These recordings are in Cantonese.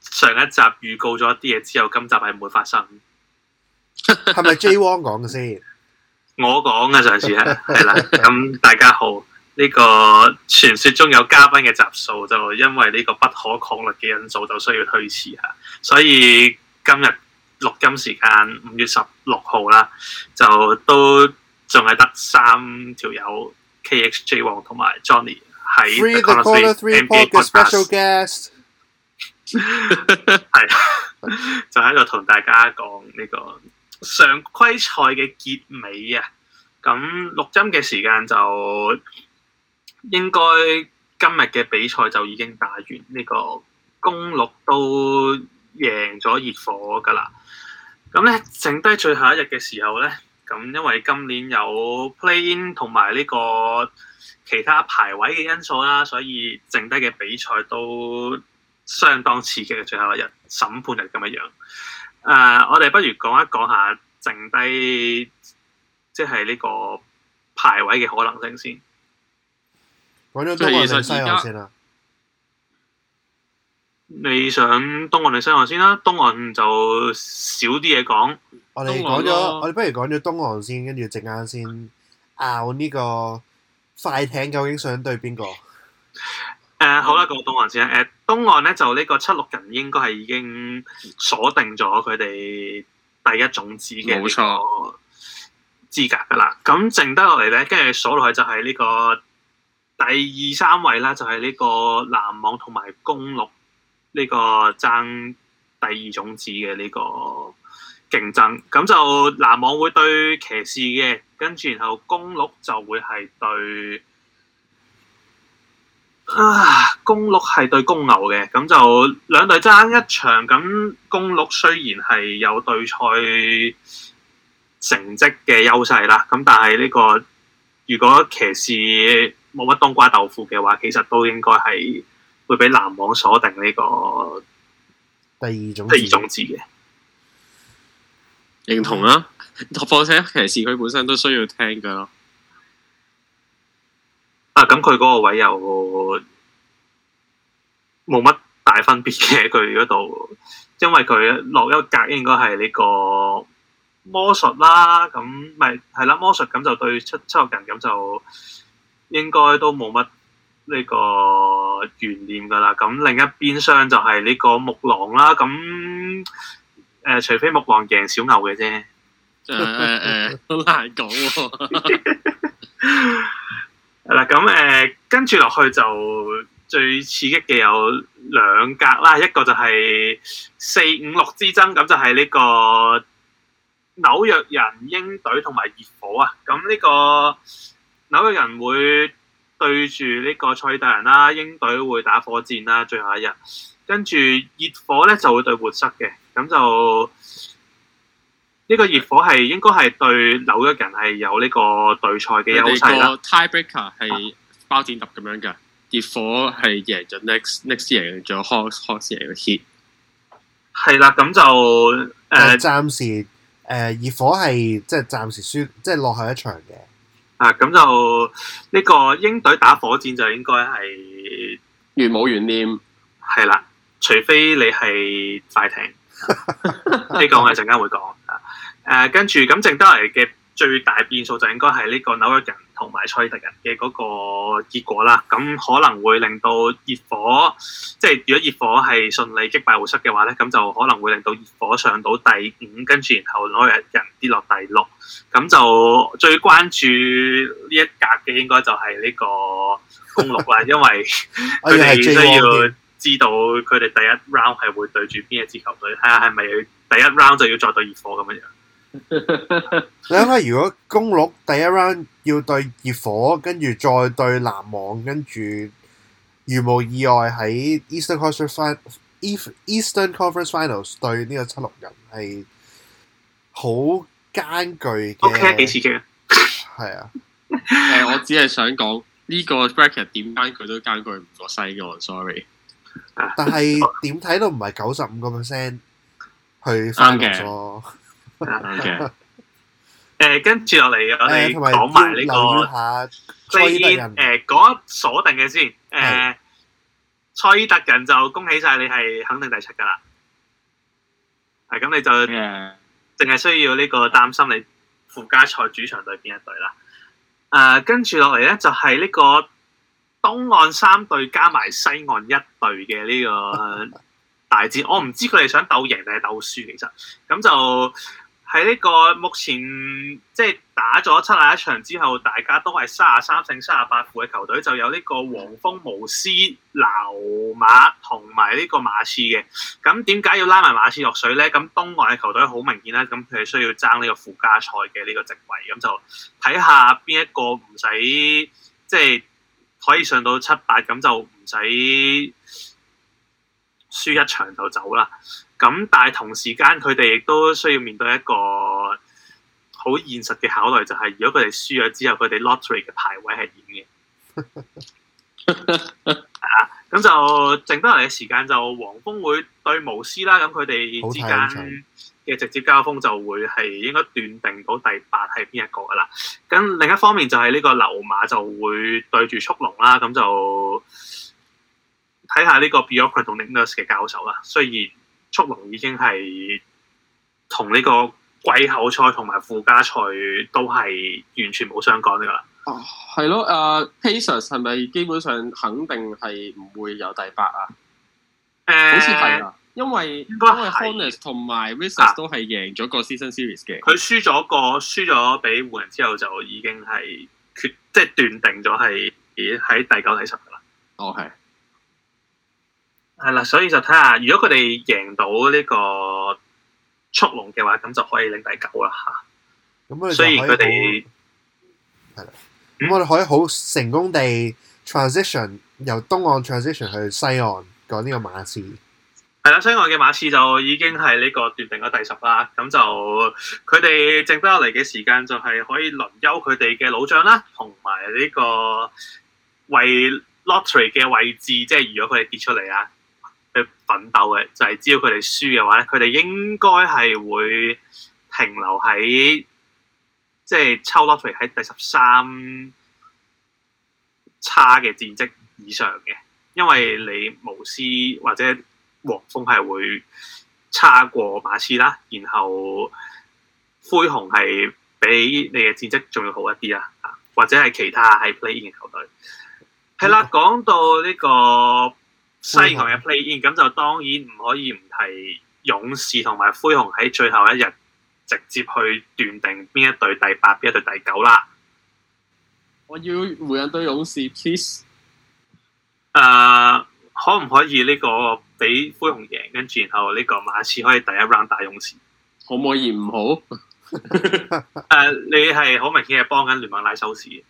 上一集預告咗一啲嘢，之後，今集係唔會發生，係咪 J 汪講先？我講啊，上次係係啦。咁 大家好，呢個傳說中有嘉賓嘅集數就因為呢個不可抗力嘅因素，就需要推遲吓。所以今錄金日錄音時間五月十六號啦，就都仲係得三條友 K X J 汪同埋 Johnny 喺。係， 就喺度同大家講呢個常規賽嘅結尾啊。咁錄音嘅時間就應該今日嘅比賽就已經打完，這個、錄呢個公鹿都贏咗熱火噶啦。咁咧，剩低最後一日嘅時候咧，咁因為今年有 play in 同埋呢個其他排位嘅因素啦，所以剩低嘅比賽都。相當刺激嘅最後一日，審判日咁樣樣。誒、呃，我哋不如講一講一下剩低，即係呢個排位嘅可能性先。講咗東岸定西岸先啦？你想東岸定西岸先啦？東岸就少啲嘢講。我哋講咗，我哋不如講咗東岸先，跟住陣間先拗呢個快艇，究竟想對邊個？ 誒，uh, 嗯、好啦，講東岸先。誒、uh, 東岸咧就呢個七六人應該係已經鎖定咗佢哋第一種子嘅呢個資格噶啦。咁冇錯，剩得落嚟咧，跟住鎖落去就係呢個第二三位啦，就係、是、呢個籃網同埋公鹿呢、這個爭第二種子嘅呢個競爭。咁就籃網會對騎士嘅，跟住然後公鹿就會係對。啊！公鹿係對公牛嘅，咁就兩隊爭一場。咁公鹿雖然係有對賽成績嘅優勢啦，咁但係呢、這個如果騎士冇乜冬瓜豆腐嘅話，其實都應該係會俾籃網鎖定呢、這個第二種子第二種子嘅。認同啊！況且，騎 士佢本身都需要聽噶咯。咁佢嗰個位又冇乜大分別嘅，佢嗰度，因為佢落一格應該係呢個魔術啦，咁咪係啦魔術，咁就對七七六人，咁就應該都冇乜呢個懸念噶啦。咁另一邊廂就係呢個木狼啦，咁誒、呃，除非木狼贏小牛嘅啫，啊、誒、啊、誒，好難講。係啦，咁誒、 嗯嗯、跟住落去就最刺激嘅有兩格啦，一個就係四五六之爭，咁就係呢個紐約人、鷹隊同埋熱火啊。咁呢個紐約人會對住呢個塞爾特人啦，鷹隊會打火箭啦，最後一日，跟住熱火咧就會對活塞嘅，咁就。呢個熱火係應該係對紐約人係有呢個對賽嘅優勢啦。tie breaker 係包剪揼咁樣嘅，熱、啊、火係贏咗 next next 贏咗 hawks hawks 贏咗 heat。係啦，咁就誒暫時誒熱火係即係暫時輸，即係落後一場嘅。啊，咁就呢、這個鷹隊打火箭就應該係完冇懸念係啦，除非你係快艇，呢 個我陣間會講。誒，跟住咁剩得嚟嘅最大變數就應該係呢個紐約人同埋賽特人嘅嗰個結果啦。咁可能會令到熱火，即係如果熱火係順利擊敗活塞嘅話咧，咁就可能會令到熱火上到第五，跟住然後紐約人跌落第六。咁就最關注呢一格嘅應該就係呢個公鹿啦， 因為佢哋需要知道佢哋第一 round 係會對住邊一支球隊，睇下係咪第一 round 就要再對熱火咁樣樣。你諗下，如果公鹿第一 round 要對熱火，跟住再對籃網，跟住如無意外喺 Eastern Conference Finals 對呢個七六人，係好艱巨嘅。O.K.，幾刺激啊！係啊，誒，我只係想講呢個 Bracket 點艱巨都艱巨唔過西岸，sorry。但係點睇都唔係九十五個 percent 去 Final 嘅。誒，跟住落嚟，我哋講埋呢個，uh, 先誒講鎖定嘅先，誒、uh, 是，塞爾特人就恭喜晒你係肯定第七噶啦，係咁是你就淨係 Yeah. 需要呢個擔心你附加賽主場對邊一隊啦，誒、uh,，跟住落嚟咧就係、是、呢個東岸三隊加埋西岸一隊嘅呢個大戰， 我唔知佢哋想鬥贏定係鬥輸，其實咁就。喺呢個目前即係打咗七啊一場之後，大家都係三啊三勝三啊八負嘅球隊，就有呢個黃蜂、巫師、溜馬同埋呢個馬刺嘅。咁點解要拉埋馬刺落水呢？咁東岸嘅球隊好明顯啦，咁佢係需要爭呢個附加賽嘅呢個席位，咁就睇下邊一個唔使即係可以上到七八，咁就唔使輸一場就走啦。咁但係同時間，佢哋亦都需要面對一個好現實嘅考慮，就係、是、如果佢哋輸咗之後，佢哋 lottery 嘅排位係嚴嘅。 啊，咁就剩得嚟嘅時間就黃蜂會對巫師啦，咁佢哋之間嘅直接交鋒就會係應該斷定到第八係邊一個噶啦。咁另一方面就係呢個流馬就會對住速龍啦，咁就睇下呢個 biocan 同 indus 嘅交手啦。雖然速龍已經係同呢個季後賽同埋附加賽都係完全冇相干噶啦。哦、啊，係咯，阿、uh, Pacers 係咪基本上肯定係唔會有第八啊？誒、嗯，好似係啊，因為、嗯、因為 Hornets 同埋 Wizards 都係贏咗個 Season Series 嘅。佢輸咗個，輸咗俾湖人之後，就已經係決即係斷定咗係喺第九第十噶啦。哦，係。係啦，所以就睇下，如果佢哋贏到呢個速龍嘅話，咁就可以拎第九啦嚇。咁所以佢哋係啦，咁我哋可以好成功地 transition、嗯、由東岸 transition 去西岸講呢個馬刺。係啦，西岸嘅馬刺就已經係呢個決定咗第十啦。咁就佢哋剩翻落嚟嘅時間就係可以輪休佢哋嘅老將啦，同埋呢個為 lottery 嘅位置，即、就、係、是、如果佢哋跌出嚟啊。奮鬥嘅，就係只要佢哋輸嘅話，咧，佢哋應該係會停留喺即係抽落去喺第十三差嘅戰績以上嘅，因為你無私或者黃蜂係會差過馬刺啦，然後灰熊係比你嘅戰績仲要好一啲啊，或者係其他喺 play in 嘅球隊，係、嗯、啦，講到呢個。西熊嘅 play in，咁就當然唔可以唔提勇士同埋灰熊喺最後一日直接去斷定邊一隊第八，邊一隊第九啦。我要湖人對勇士，please。誒，uh, 可唔可以呢個俾灰熊贏，跟住然後呢個馬刺可以第一 round 打勇士，可唔可以唔好？誒， uh, 你係好明顯係幫緊聯盟拉收視。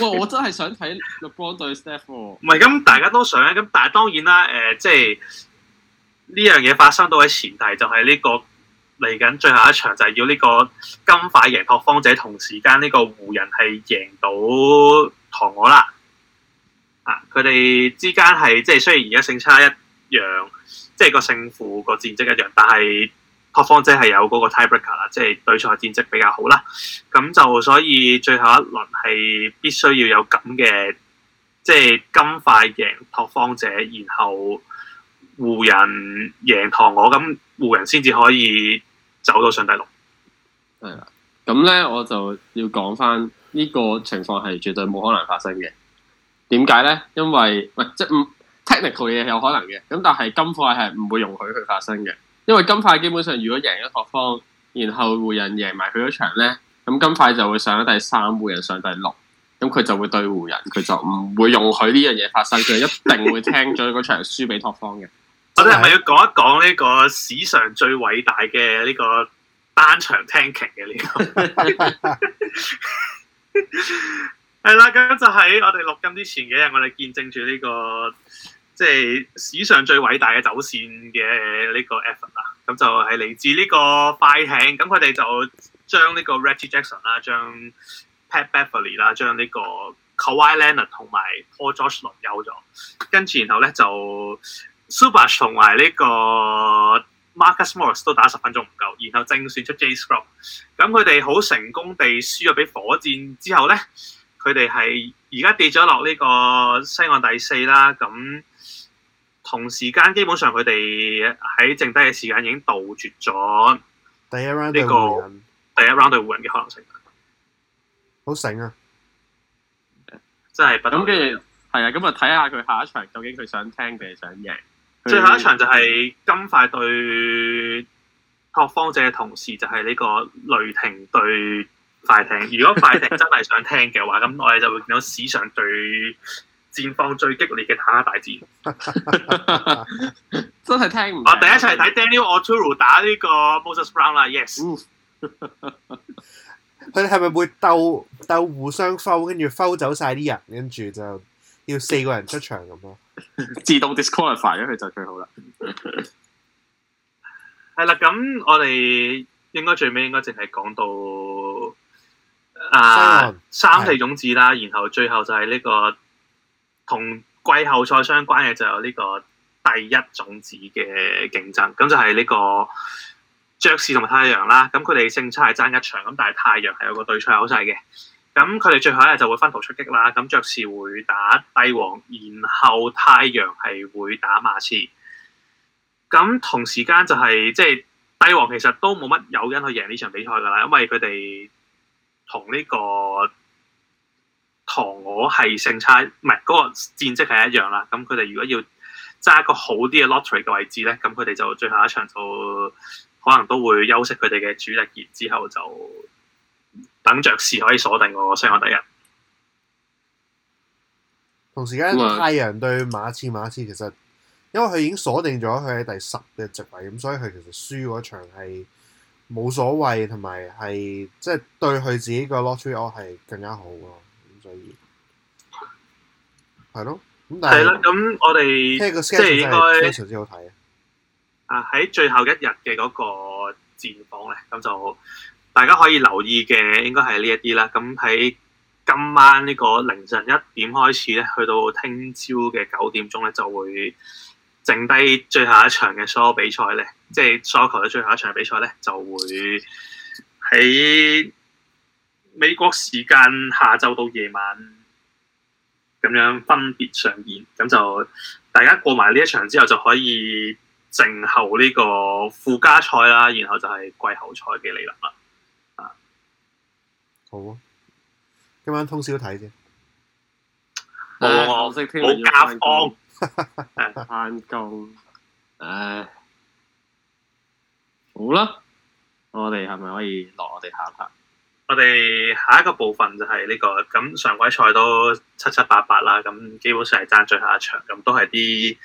哇！我真係想睇綠光隊 Step。唔係咁，大家都想咧。咁但係當然啦，誒、呃，即係呢樣嘢發生到嘅前提，就係、是、呢、這個嚟緊最後一場就係要呢個金塊贏拓荒者，同時間呢個湖人係贏到唐我啦。啊！佢哋之間係即係雖然而家勝差一樣，即、就、係、是、個勝負個戰績一樣，但係。拓荒者係有嗰個 tiebreaker 啦，即係對賽戰績比較好啦，咁就所以最後一輪係必須要有咁嘅，即係金塊贏拓荒者，然後湖人贏唐我，咁湖人先至可以走到上第六。係啦，咁咧我就要講翻呢個情況係絕對冇可能發生嘅。點解咧？因為喂，即係 technical 嘢有可能嘅，咁但係金塊係唔會容許佢發生嘅。因為金塊基本上如果贏咗拓荒，然後湖人贏埋佢嗰場呢，咁金塊就會上咗第三，湖人上第六，咁佢就會對湖人，佢就唔會容許呢樣嘢發生，佢一定會聽咗嗰場輸俾拓荒嘅。我哋係咪要講一講呢個史上最偉大嘅呢個單場聽劇嘅呢？係、這、啦、個，咁 就喺我哋錄音之前幾日，我哋見證住呢、這個。即係史上最偉大嘅走線嘅呢個 effort 啦，咁就係嚟自呢個快艇，咁佢哋就將呢個 Reggie Jackson 啦、將 Pat Beverly 啦、將呢個 Kawhi Leonard 同埋 Paul George 輪休咗，跟住然後咧就 Zubac 同埋呢個 Marcus Morris 都打十分鐘唔夠，然後正選出 Jay Scrubb，咁佢哋好成功地輸咗俾火箭之後咧，佢哋係而家跌咗落呢個西岸第四啦，咁。同時間基本上佢哋喺剩低嘅時間已經杜絕咗、呢個、第一 round 對湖人嘅可能性，好醒啊！真係咁，跟住係啊，咁啊睇下佢下一場究竟佢想聽定係想贏。最後一場就係金塊對拓荒者嘅同時，就係呢個雷霆對快艇。如果快艇真係想聽嘅話，咁 我哋就會見到史上最。戰況最激烈嘅坦克大戰，真係聽唔不清～我第一齊睇 Daniel Otero 打呢個 Moses Brown 啦、啊、，Yes。佢哋係咪會鬥鬥互相摟，跟住摟走晒啲人，跟住就要四個人出場咁咯？ 自動 disqualify 佢、啊、就最好啦、 嗯。係啦，咁我哋應該最尾應該淨係講到啊三四種子啦，然後最後就係呢個。同季後賽相關嘅就有呢個第一種子嘅競爭，咁就係呢個爵士同埋太陽啦。咁佢哋勝出係爭一場，咁但係太陽係有個對賽優勢嘅。咁佢哋最後一日就會分途出擊啦。咁爵士會打帝王，然後太陽係會打馬刺。咁同時間就係即係帝王其實都冇乜誘因去贏呢場比賽噶啦，因為佢哋同呢個。同我係勝差，唔係嗰個戰績係一樣啦。咁佢哋如果要揸一個好啲嘅 lottery 嘅位置咧，咁佢哋就最後一場就可能都會休息佢哋嘅主力，然之後就等爵士可以鎖定我，個西岸第一。同時間，太陽對馬刺，馬刺其實因為佢已經鎖定咗佢喺第十嘅席位，咁所以佢其實輸嗰場係冇所謂，同埋係即係對佢自己個 lottery 我係更加好咯。係咯，咁但係咧，咁我哋即係個即係應該非常之好睇啊！喺最後一日嘅嗰個戰況咧，咁就大家可以留意嘅，應該係呢一啲啦。咁喺今晚呢個凌晨一點開始咧，去到聽朝嘅九點鐘咧，就會剩低最後一場嘅所有比賽咧，即係足球嘅最後一場比賽咧，就會喺。美國時間下晝到夜晚咁樣分別上演，咁就大家過埋呢一場之後，就可以靜候呢個附加賽啦，然後就係季後賽嘅嚟臨啦。啊，好啊，今晚通宵睇啫，冇我識聽，冇夾工，翻工、 啊，好啦，我哋係咪可以落我哋下 part 我哋下一個部分就係呢個咁常規賽都七七八八啦，咁基本上係爭最後一場，咁都係啲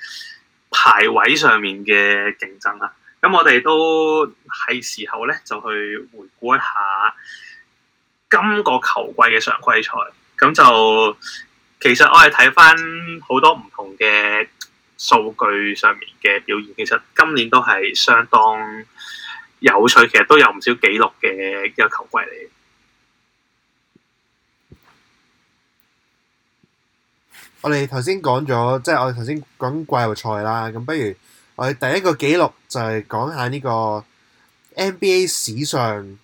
排位上面嘅競爭啦。咁我哋都係時候咧，就去回顧一下今個球季嘅常規賽。咁就其實我係睇翻好多唔同嘅數據上面嘅表現，其實今年都係相當有趣，其實都有唔少紀錄嘅一個球季嚟。我哋頭先講咗，即係我哋頭先講季後賽啦。咁不如我哋第一個紀錄就係講下呢個 NBA 史上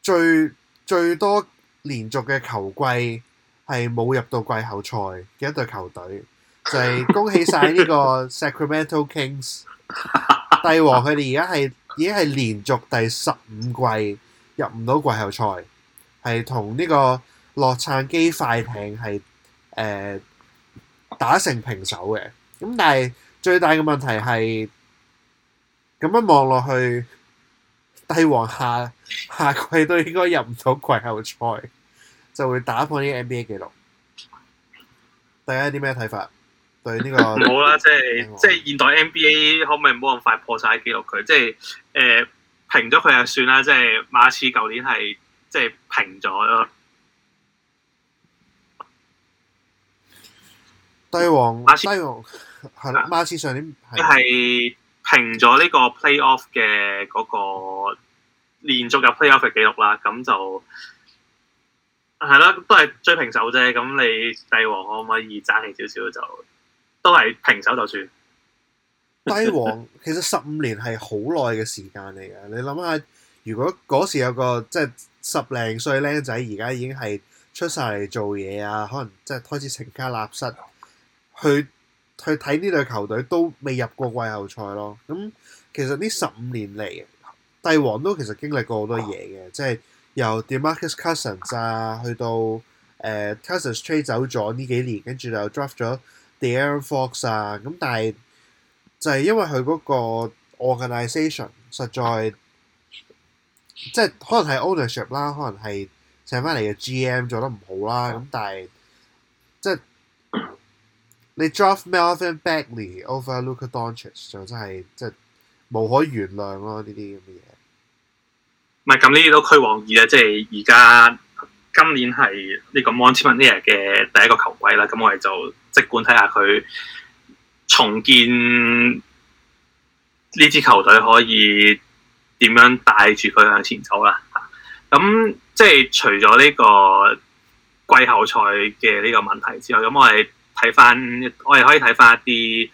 最最多連續嘅球季係冇入到季後賽嘅一隊球隊，就係、是、恭喜晒呢個 Sacramento Kings 帝王佢哋而家係已經係連續第十五季入唔到季後賽，係同呢個洛杉磯快艇係。誒、呃、打成平手嘅，咁但係最大嘅問題係咁樣望落去，帝王下下季都應該入唔到季後賽，就會打破啲 NBA 記錄。大家有啲咩睇法？對呢個唔好啦，即係即係現代 NBA 可唔可以冇咁快破晒記錄佢？即係誒平咗佢就算啦，即、就、係、是、馬刺舊年係即係平咗咯。就是帝王馬刺，帝王王啦，馬刺上年係平咗呢個 playoff 嘅嗰個連續入 playoff 嘅記錄啦。咁就係啦，都係追平手啫。咁你帝王可唔可以爭氣少少？就都係平手就算。帝王其實十五年係好耐嘅時間嚟嘅。 你諗下，如果嗰時有個即係十零歲僆仔，而家已經係出晒嚟做嘢啊，可能即係開始成家立室。去去睇呢隊球隊都未入過季後賽咯。咁其實呢十五年嚟，帝王都其實經歷過好多嘢嘅，即係由 DeMarcus Cousins 啊，去到誒、呃、Cousins trade 走咗呢幾年，跟住又 draft 咗 De'Aaron Fox 啊。咁但係就係因為佢嗰個 organisation 實在，即係可能係 ownership 啦，可能係請翻嚟嘅 GM 做得唔好啦。咁、嗯、但係即係。你 drop Melvin Bagley over Luka Doncic 就真係即係無可原諒咯，呢啲咁嘅嘢。唔係咁呢啲都虛妄二啦，即係而家今年係呢個 Montaigne 嘅第一個球季啦。咁我哋就即管睇下佢重建呢支球隊可以點樣帶住佢向前走啦。咁即係除咗呢個季後賽嘅呢個問題之外，咁我哋。睇翻，我哋可以睇翻一啲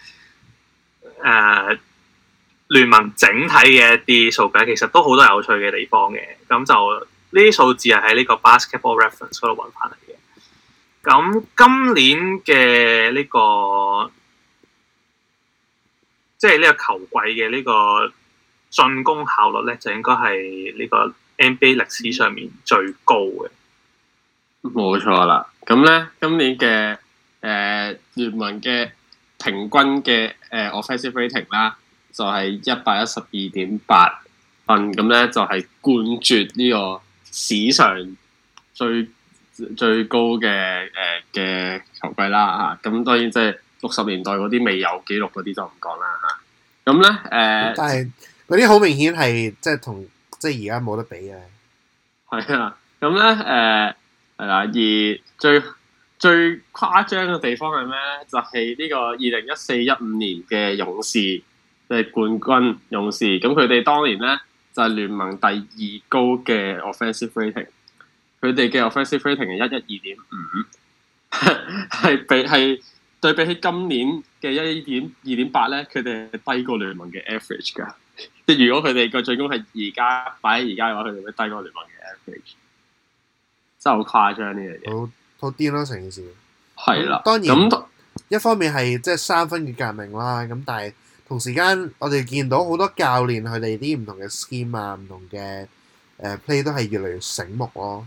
誒、呃、聯盟整體嘅一啲數據，其實都好多有趣嘅地方嘅。咁就呢啲數字係喺呢個 Basketball Reference 度揾翻嚟嘅。咁今年嘅呢、呢個，即係呢個球季嘅呢個進攻效率咧，就應該係呢個 NBA 歷史上面最高嘅。冇錯啦，咁咧今年嘅。誒，聯、呃、盟嘅平均嘅誒 offensive rating 啦，就係一百一十二點八分，咁咧就係冠絕呢個史上最最高嘅誒嘅球季啦吓，咁當然即係六十年代嗰啲未有記錄嗰啲就唔講啦吓，咁咧誒，呃、但係嗰啲好明顯係即係同即係而家冇得比嘅，係啊，咁咧誒係啦，而最。最誇張嘅地方係咩咧？就係、是、呢個二零一四一五年嘅勇士，即、就、係、是、冠軍勇士。咁佢哋當年咧就係、是、聯盟第二高嘅 offensive rating，佢哋嘅 offensive rating 係一一二點五，係 比係對比起今年嘅一點二點八咧，佢哋係低過聯盟嘅 average 噶。即 係如果佢哋個最高係而家，擺喺而家嘅話，佢哋會低過聯盟嘅 average。真係好誇張呢樣嘢。好癲咯！成件事，係啦的。當然，那一方面係即、即係、三分嘅革命啦。咁但係同時間，我哋見到好多教練佢哋啲唔同嘅 scheme 啊，唔同嘅誒、呃、play 都係越嚟越醒目咯。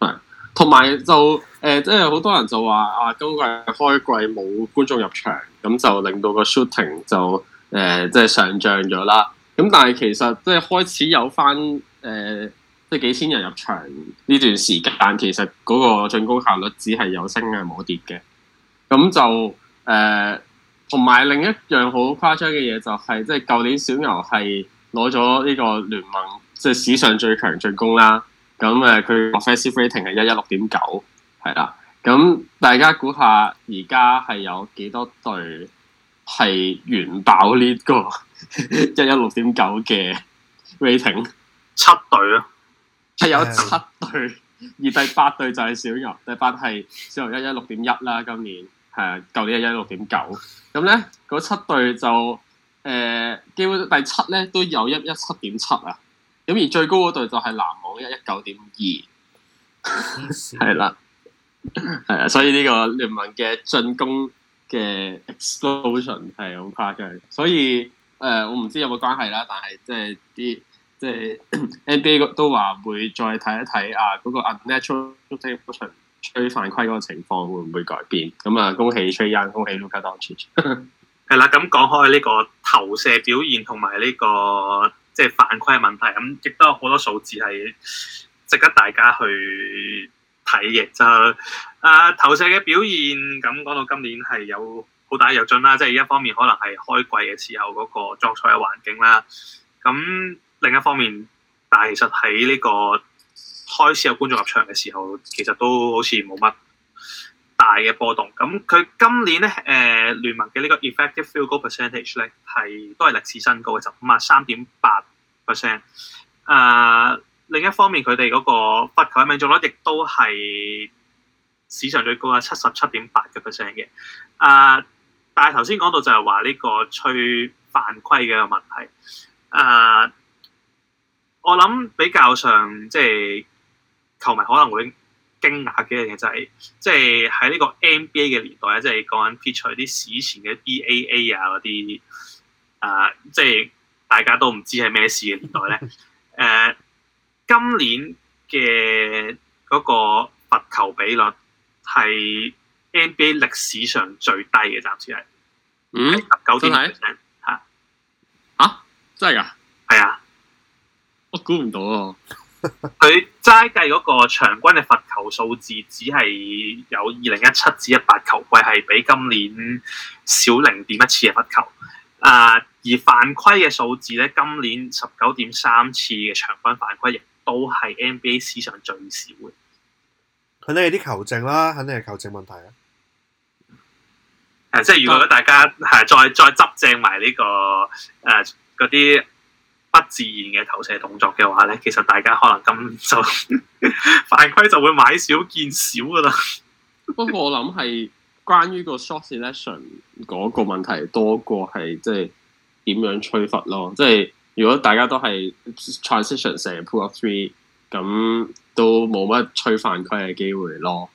係，同埋就誒，即係好多人就話啊，今季開季冇觀眾入場，咁就令到個 shooting 就誒即係上漲咗啦。咁但係其實即係開始有返誒。呃即係幾千人入場呢段時間，其實嗰個進攻效率只係有升嘅，冇跌嘅。咁就誒，同、呃、埋另一樣好誇張嘅嘢就係、是，即係舊年小牛係攞咗呢個聯盟即係、就是、史上最強進攻啦。咁誒，佢 Fancy Rating 係一一六點九，係啦。咁大家估下、這個，而家係有幾多隊係完爆呢個一一六點九嘅 Rating？七隊啊！係有七隊，而第八隊就係小牛，第八係小牛一一六點一啦。今年係啊，舊年一一六點九。咁咧，嗰七隊就誒，基本第七咧都有一一七點七啊。咁而最高嗰隊就係籃網一一九點二，係啦，係啊。所以呢個聯盟嘅進攻嘅 explosion 係好誇張。所以誒、呃，我唔知有冇關係啦，但係即係啲。即係 NBA 個都話會再睇一睇啊，嗰個 unnatural action 吹犯規嗰個情況會唔會改變？咁啊，恭喜吹人，恭喜 Luka Doncic。係啦，咁講開呢個投射表現同埋呢個即係、就是、犯規嘅問題，咁亦都有好多數字係值得大家去睇嘅。就啊，投射嘅表現，咁講到今年係有好大有進啦，即、就、係、是、一方面可能係開季嘅時候嗰個作賽嘅環境啦，咁。另一方面，但係其實喺呢個開始有觀眾入場嘅時候，其實都好似冇乜大嘅波動。咁佢今年咧，誒、呃、聯盟嘅呢個 effective field goal percentage 咧，係都係歷史新高嘅，就五啊三點八 percent。誒、呃、另一方面，佢哋嗰個罰球命中率亦都係史上最高啊，七十七點八嘅 percent 嘅。誒、呃，但係頭先講到就係話呢個吹犯規嘅一個問題，誒、呃。我諗比較上，即係球迷可能會驚訝嘅一樣嘢就係、是，即係喺呢個 NBA 嘅年代咧，即係講緊撇除啲史前嘅 BAA 啊嗰啲，啊，即係大家都唔知係咩事嘅年代咧。誒、 呃，今年嘅嗰個罰球比率係 NBA 歷史上最低嘅暫時係，嗯，十九點零 percent 吓，就是、啊,啊，真係噶，係啊。我估唔到啊！佢齋計嗰個場均嘅罰球數字，只係有二零一七至一八球季係比今年少零點一次嘅罰球。啊、呃，而犯規嘅數字咧，今年十九點三次嘅場均犯規亦都係 NBA 史上最少嘅。肯定係啲球證啦，肯定係球證問題啊！誒，即係如果大家係、啊、再再執正埋呢個誒嗰啲。啊自然嘅投射動作嘅話咧，其實大家可能咁就 犯規就會買少見少噶啦。不過我諗係關於個 shot selection 嗰個問題多過係即係點樣吹罰咯。即係如果大家都係 transition 成日 pull up three，咁都冇乜吹犯規嘅機會咯。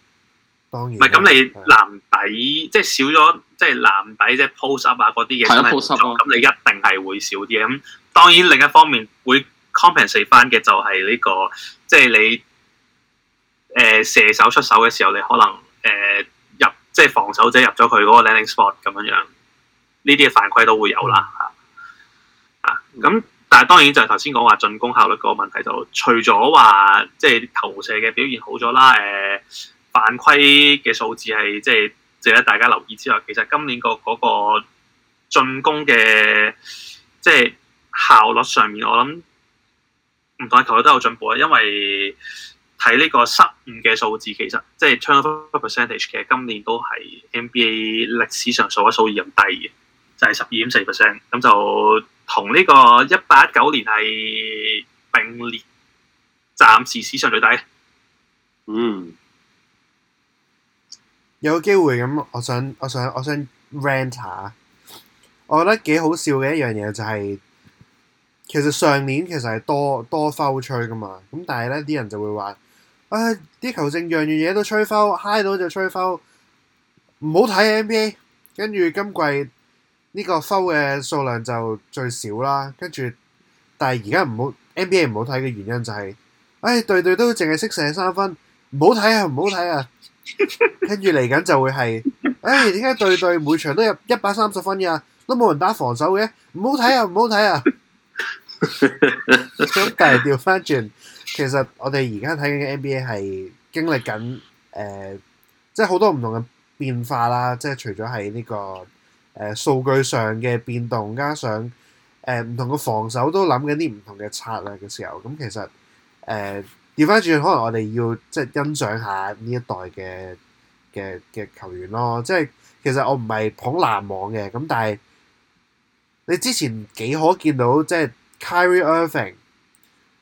當然，唔係咁你籃底對 即係少咗，即係籃底即係 post up 啊嗰啲嘢，係 post up 咯。咁、啊、你一定係會少啲咁。當然另一方面會 compensate 翻嘅就係呢、這個，即、就、係、是、你誒、呃、射手出手嘅時候，你可能誒、呃、入即係、就是、防守者入咗佢嗰個 landing spot 咁樣樣，呢啲嘅犯規都會有啦嚇。啊，咁但係當然就係頭先講話進攻效率個問題，除就除咗話即係投射嘅表現好咗啦，誒、呃、犯規嘅數字係即係值得大家留意之外，其實今年個嗰個進攻嘅即係。就是效率上面，我諗唔同嘅球隊都有進步啦。因為睇呢個失誤嘅數字，其實即係 turnover percentage 嘅，今年都係 NBA 歷史上數一數二咁低嘅，就係十二點四 percent。咁就同呢個一八一九年係並列，暫時史上最低。嗯，有個機會咁，我想我想我想 rant 下我覺得幾好笑嘅一樣嘢就係、是。其實上年其實係多多 foul 吹噶嘛，咁但係咧啲人就會話：唉，啲球證樣樣嘢都吹 foul，high 到就吹 foul，唔好睇 NBA。跟住今季呢個 foul 嘅數量就最少啦。跟住，但係而家唔好 NBA 唔好睇嘅原因就係：唉，隊隊都淨係識射三分，唔好睇啊，唔好睇啊。跟住嚟緊就會係：唉，點解隊隊每場都有一百三十分呀？都冇人打防守嘅，唔好睇啊，唔好睇啊！咁 但係調翻轉，其實我哋而家睇緊嘅 NBA 係經歷緊誒，即係好多唔同嘅變化啦。即係除咗係呢個誒數、呃、據上嘅變動，加上誒唔、呃、同嘅防守都諗緊啲唔同嘅策略嘅時候，咁、嗯、其實誒調翻轉，可能我哋要即係欣賞下呢一代嘅嘅嘅球員咯。即係其實我唔係捧籃網嘅，咁但係你之前幾可見到即係。Kyrie Irving、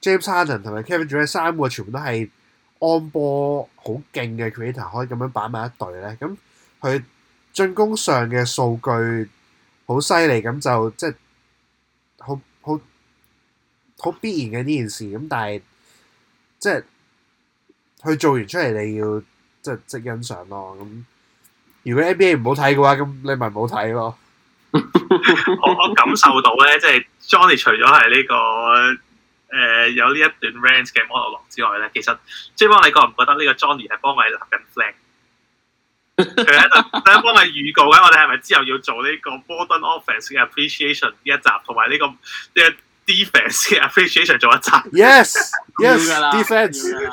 Ky Ir ving, James Harden 同埋 Kevin Durant 三個全部都係 on ball 好勁嘅 creator，可以咁樣擺埋一隊咧。咁佢進攻上嘅數據好犀利，咁就即係好好好必然嘅呢件事。咁但係即係佢做完出嚟，你要即即欣賞咯。咁如果 NBA 唔好睇嘅話，咁你咪唔好睇咯。我我感受到咧，即係。Johnny 除咗係呢個誒、呃、有呢一段 rance 嘅 monologue 之外咧，其實即係幫， 幫你覺唔覺得呢個 Johnny 係幫我立緊 flag 大家幫你預告下我哋係咪之後要做呢個 border office 嘅 appreciation 呢一集同埋呢個即係、這個、default 嘅 appreciation 做一集 yes yes 啦 default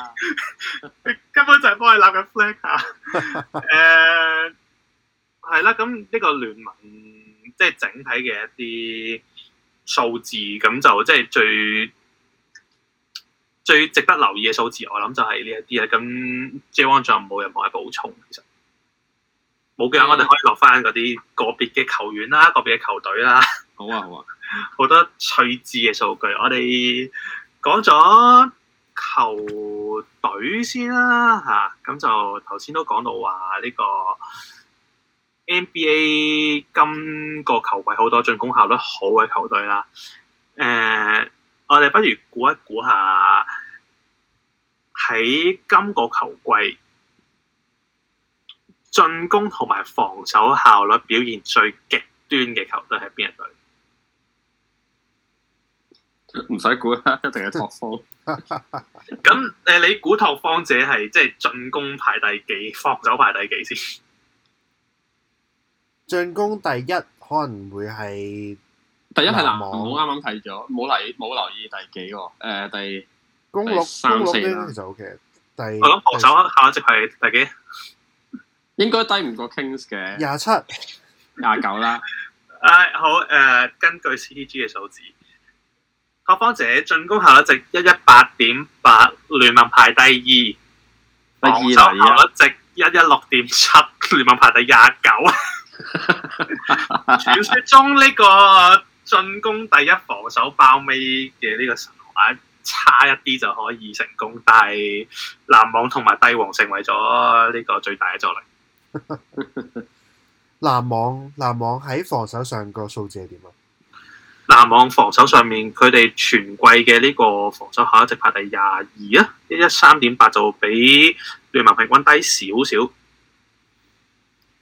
根本就係幫你立緊 flag 吓，誒係啦，咁呢個聯盟即係整體嘅一啲數字咁就即係最最值得留意嘅數字，我諗就係呢一啲啦。咁 Jone 仲有冇任何嘅補充？其實冇嘅話，我哋可以落翻嗰啲個別嘅球員啦，個別嘅球隊啦。好啊，好啊，好 多趣致嘅數據。我哋講咗球隊先啦，吓、啊、咁就頭先都講到話呢、這個。NBA 今個球季好多進攻效率好嘅球隊啦，誒、呃，我哋不如估一估下喺今個球季進攻同埋防守效率表現最極端嘅球隊係邊一隊？唔使估，一定係拓荒。咁 誒， 你估拓荒者係即係進攻排第幾，防守排第幾先？進攻第一可能會係第一係籃網，我啱啱睇咗冇留冇留意第幾喎？誒、呃，第攻六三四啦，OK、啊。第我諗防守效率值係第幾？應該低唔過 Kings 嘅廿七廿九啦。誒，好誒、呃，根據 CTG 嘅數字，拓荒者進攻效率值一一八點八，聯盟排第二；防守效率值一一六點七，聯盟排第廿九。傳說 中呢個進攻第一、防守包尾嘅呢個神話，差一啲就可以成功，但係籃網同埋帝王成為咗呢個最大嘅阻力。籃 網，籃網喺防守上個數字係點啊？籃網防守上面，佢哋全季嘅呢個防守下一直排第廿二啊，一一三點八就比聯盟平均低少少。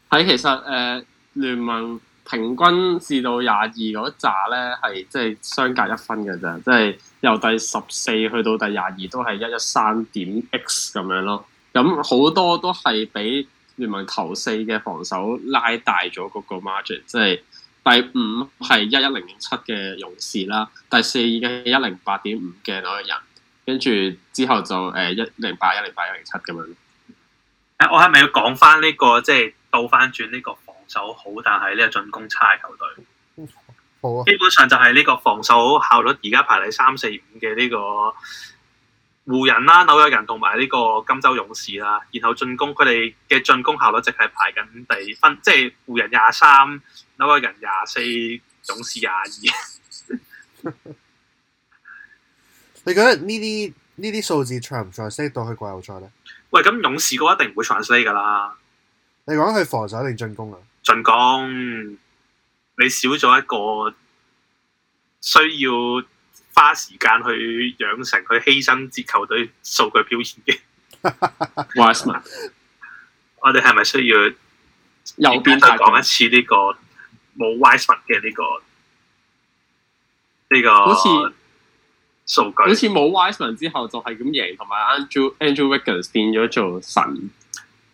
喺其實誒，聯、呃、盟平均至到廿二嗰紮咧，係即係相隔一分嘅咋，即係由第十四去到第廿二都係一一三點 X 咁樣咯。咁好多都係俾聯盟頭四嘅防守拉大咗嗰個 margin，即係第五係一一零點七嘅勇士啦，第四已經係一零八點五嘅嗰個人，跟住之後就誒一零八一零八一零七咁樣。啊、這個，我係咪要講翻呢個即係？倒翻轉呢、這個防守好，但係呢個進攻差球隊，啊、基本上就係呢個防守效率，而家排喺三四五嘅呢個湖人啦、紐約人同埋呢個金州勇士啦。然後進攻，佢哋嘅進攻效率直係排緊第分，即係湖人廿三，紐約人廿四，勇士廿二。 你覺得呢啲呢啲數字 translate 唔 translate 到去季後賽咧？喂，咁勇士哥一定唔會 translate 噶啦。你講佢防守定進攻啊？進攻，你少咗一個需要花時間去養成去犧牲支球隊數據表現嘅。Wiseman，我哋係咪需要又變大講一次呢個冇 Wiseman 嘅呢、這個呢、這個數據？好似像冇 Wiseman 之後就係咁贏，同埋 Andrew Andrew Wiggins 變咗做神。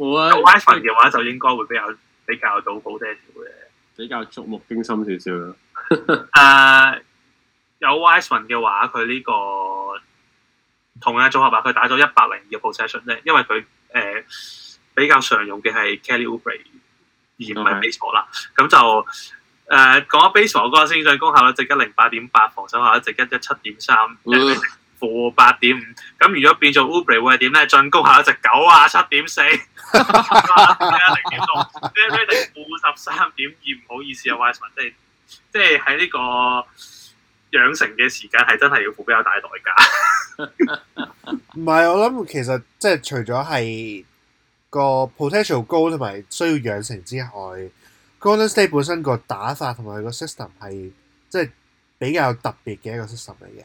有 Wiseman 嘅話就應該會比較比較到好爹少嘅，比較觸目驚心少少咯。誒 ，uh, 有 Wiseman 嘅話，佢呢個同嘅組合話佢打咗一百零二個 possession 啫，因為佢誒、呃、比較常用嘅係 Kelly Oubre 而唔係 Baseball 啦 Okay.。咁就誒講 Baseball 嗰個線上攻效率值一零八點八，防守效率值一一七點三。負八點五，咁如果變咗 Uber 會係點咧？進攻下一隻九啊七點四，零點六，咩咩零負十三點二，唔好意思啊 WiseMan 即係即係喺呢個養成嘅時間係真係要付比較大代價。唔係，我諗其實即係除咗係個 potential 高同埋需要養成之外，Golden State 本身個打法同埋個 system 係即係比較特別嘅一個 system 嚟嘅。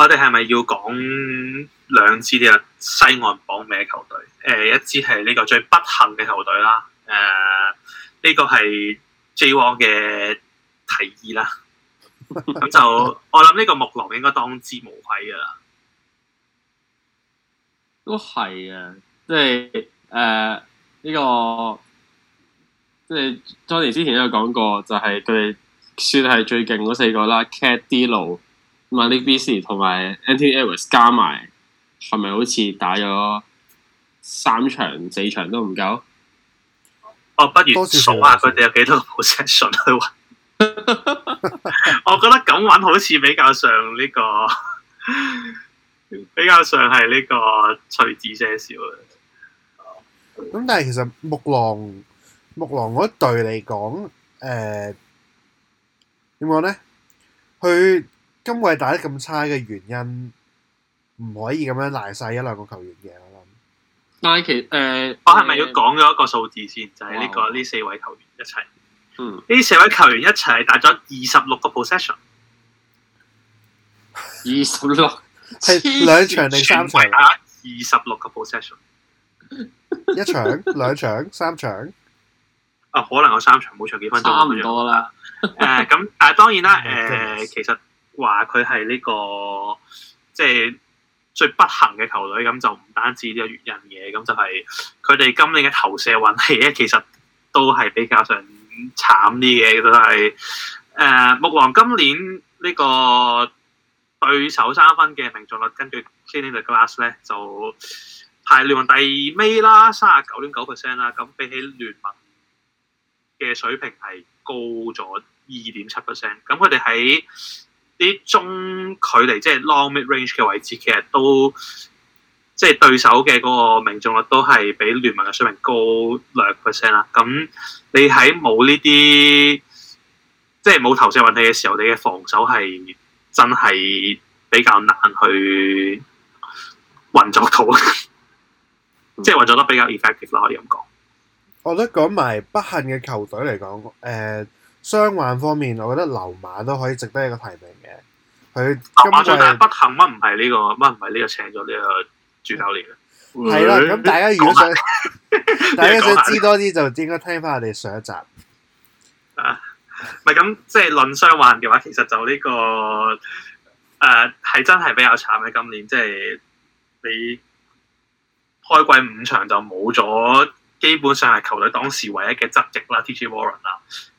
我哋係咪要講兩支呢個西岸榜尾球隊？誒、呃，一支係呢個最不幸嘅球隊啦。誒、呃、呢、這個係 J 王嘅提議啦。咁就 我諗呢個木狼應該當之無愧噶啦。都係啊，即係誒呢個，即係多年之前都有講過，就係佢哋算係最勁嗰四個啦。Cat D-Lo。埋呢 B 四同埋 n t o s 加埋，係咪好似打咗三場四場都唔夠？我、哦、不如數下佢哋有幾多 position 去搵。 我覺得咁玩好似比較上呢、這個，比較上係呢個趣致些少嘅。咁但係其實木狼木狼嗰隊嚟講，誒、呃，點講咧？佢今季打得咁差嘅原因，唔可以咁樣賴晒一兩個球員嘅。我諗，但係其誒，呃、我係咪要講咗一個數字先？就係、是、呢、這個呢哇 四位球員一齊，呢、嗯、四位球員一齊係打咗二十六個 possession，二十六係兩場定三場，打二十六個 possession， 一場兩場三場， 啊，可能有三場每場幾分鐘差唔多啦。誒，咁誒，當然啦，誒、呃，其實。話佢係呢個即係、就是、最不幸嘅球隊，咁就唔單止呢個原因嘅，咁就係佢哋今年嘅投射運氣咧，其實都係比較上慘啲嘅，都係誒，木、呃、王今年呢個對手三分嘅命中率，根據 Cleaning the Glass 咧，就排聯盟第二尾啦，三十九點九 percent 啦，咁比起聯盟嘅水平係高咗二點七 percent，咁佢哋喺啲中距離即係 long mid range 嘅位置，其實都即係對手嘅嗰個命中率都係比聯盟嘅水平高兩 percent 啦。咁你喺冇呢啲即係冇投射運氣嘅時候，你嘅防守係真係比較難去運作到，嗯、 即係運作得比較 effective 啦。可以咁講。我覺得講埋不幸嘅球隊嚟講，誒、呃。傷患方面，我覺得溜馬都可以值得一個提名嘅。佢今日不幸乜唔係呢個乜唔係呢個請咗呢個主教練。係啦， 咁大家如果想一 大家想知多啲，就應該聽翻我哋上一集。唔係咁，即係論傷患嘅話，其實就呢、這個誒係、呃、真係比較慘嘅。今年即係、就是、你開季五場就冇咗，基本上係球隊當時唯一嘅側翼啦，T.J. Warren 啦。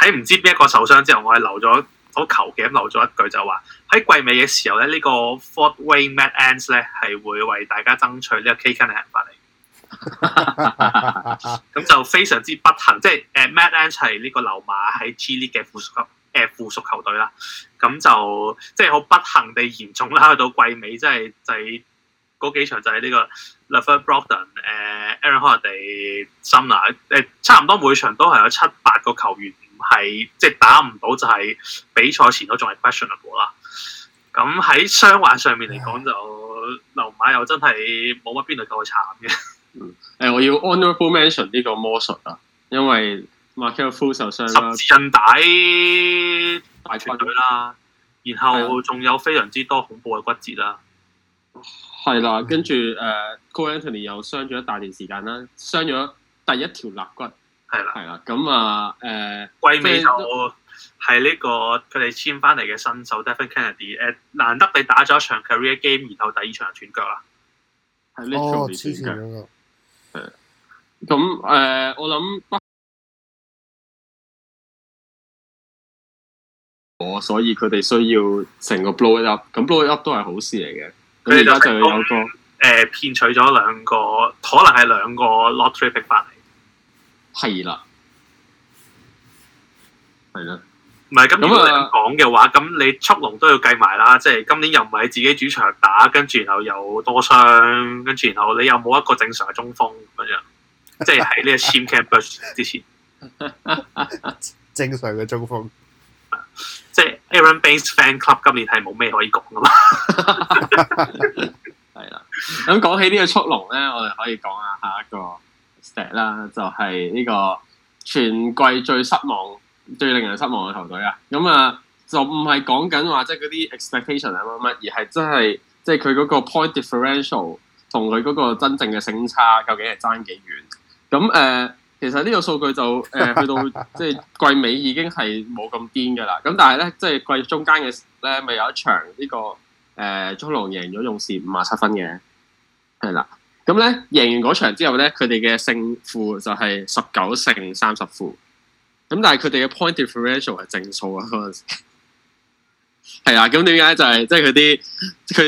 喺唔知邊一個受傷之後，我係留咗好求其咁留咗一句就，就話喺季尾嘅時候咧，呢、這個 Fort Wayne Mad Ants 咧係會為大家爭取呢個 Kicker 返嚟，咁就非常之不幸，即係誒、呃、Mad Ants 係呢個流馬喺 G League 嘅附屬誒附、呃、屬球隊啦。咁就即係好不幸地嚴重啦，去到季尾即係就係、是、嗰、就是、幾場就係呢個 l o v i Brogdon、呃、誒 Aaron Holiday、Sumner 誒，差唔多每場都係有七八個球員。唔係即係打唔到就係比賽前都仲係 questionable 啦。咁喺傷患上面嚟講就溜馬又真係冇乜邊度夠慘嘅。誒、呃，我要 honorable mention 呢個魔術啊，因為馬凱夫受傷啦，十字韌帶大缺骨啦，然後仲有非常之多恐怖嘅骨折啦。係啦， 跟住誒，Cole Anthony 又傷咗一大段時間啦，傷咗第一條肋骨。係啦，係啦，咁啊，誒、呃，季尾就係呢那個佢哋簽翻嚟嘅新手那 Devin Kennedy，呃。難得你打咗一場 career game，然後第二場斷腳啦，係呢場斷腳。誒、哦，咁誒、啊呃呃，我諗，我所以佢哋需要成個 blow it up，咁 blow it up 都係好事嚟嘅。咁而家就有個誒、呃，騙取咗兩個，可能係兩個 lottery pick 係啦，係啦，唔係咁如果你講嘅話，咁那你速龍都要計埋啦。即係今年又唔喺自己主場打，跟住然後又多傷，跟住然後你又冇一個正常嘅中鋒咁樣，即係喺呢個 Khem Birch 之前， 正常嘅中鋒，即係 Aaron Baynes Fan Club 今年係冇咩可以講噶嘛。係 啦， 咁講起呢個速龍咧，我哋可以講下嚇。啦，就係、是、呢個全季最失望、最令人失望嘅球隊啊！咁啊，就唔係講緊話即係嗰啲 expectation 乜乜乜，而係真係即係佢嗰個 point differential 同佢嗰個真正嘅勝差究竟係爭幾遠？咁誒、呃，其實呢個數據就誒、呃、去到即係季尾已經係冇咁癲㗎啦。咁但係咧，即、就、係、是、季中間嘅咧，咪有一場呢、這個誒，沖、呃、浪贏咗勇士五啊七分嘅，係啦。咁咧贏完嗰場之後咧，佢哋嘅勝負就係十九勝三十負。咁但係佢哋嘅 point differential 係正數 啊，嗰陣時係啊。咁點解就係、係、即係佢啲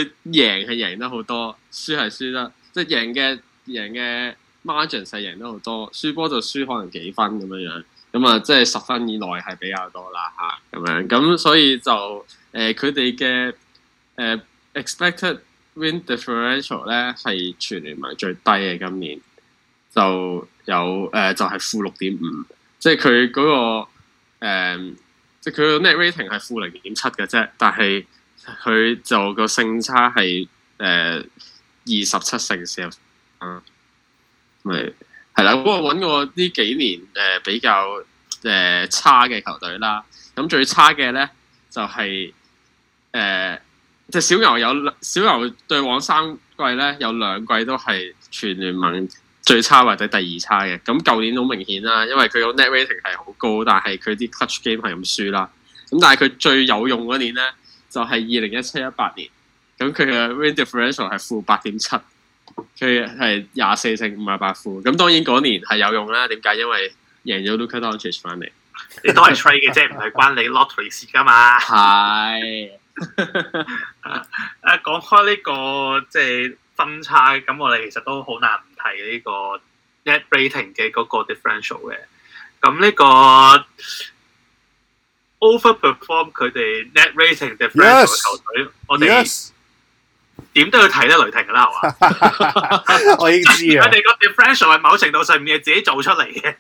佢贏係贏得好多，輸係輸得即係贏嘅贏嘅 margin 係贏得好多，輸波就輸可能幾分咁樣樣。咁啊，即係十分以內係比較多啦嚇。咁樣咁所以就誒佢哋嘅誒 expected。Win differential 咧係全聯盟最低嘅，今年就有誒、呃、就係負六點五，即係佢嗰個誒、呃、即係佢個 net rating 係負零點七嘅啫，但係佢就個勝差係誒二十七勝少，咪係、呃呃、啦。不過揾過呢幾年誒比較誒差嘅球隊啦，咁最差嘅咧就係、是、誒。呃即係小牛有小牛對往三季咧有兩季都係全聯盟最差或者第二差嘅，咁舊年好明顯啦，因為佢個 net rating 係好高，但係佢啲 clutch game 係咁輸啦。咁但係佢最有用嗰年咧就係二零一七一八年，咁佢嘅 win differential 係負八點七，佢係廿四勝五十八負。咁當然嗰年係有用啦，點解？因為贏咗 Luka Doncic 翻嚟，你都係 trade 嘅啫，唔係關你 lottery 事噶嘛。係。誒，講開呢個即係分差，咁我哋其實都好難唔睇呢個 net rating 嘅嗰個 differential 嘅。咁呢個 overperform 佢哋 net rating differential 嘅球隊，我哋點都要睇得雷霆㗎啦，係嘛？我已經知啦。佢哋個 differential 係某程度上面唔係自己做出嚟嘅。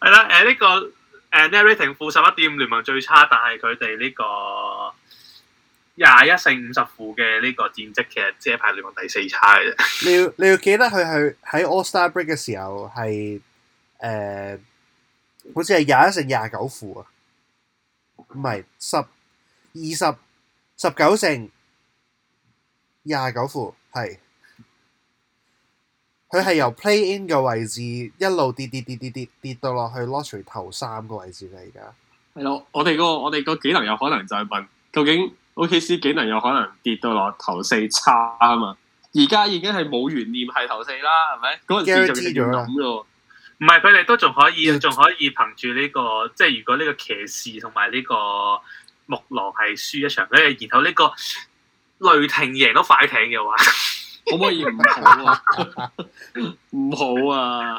係啦，呢個。誒、uh,，net rating 負十一點五聯盟最差，但係佢哋呢個廿一勝五十負嘅呢個戰績，其實只係排聯盟第四差嘅。你要你要記得佢去喺 All Star Break 嘅時候係誒、呃，好似係廿一勝廿九負啊，唔係十二十十九勝廿九負係。佢係由 play in 嘅位置一路跌跌跌跌跌跌，跌，跌，跌到落去 lottery 頭三個位置嚟噶，而家係咯？我哋個我哋個技能有可能就係問，究竟 OKC、OK、技能有可能跌到落頭四差啊嘛？而家已經係冇懸念係頭四啦，係咪？嗰陣時就先諗咯。唔係，佢哋都仲可以，仲可以憑住呢個，即係如果呢個騎士同埋呢個木狼係輸一場咧，然後呢個雷霆贏到快艇嘅話。可唔可以唔好啊？唔 好啊？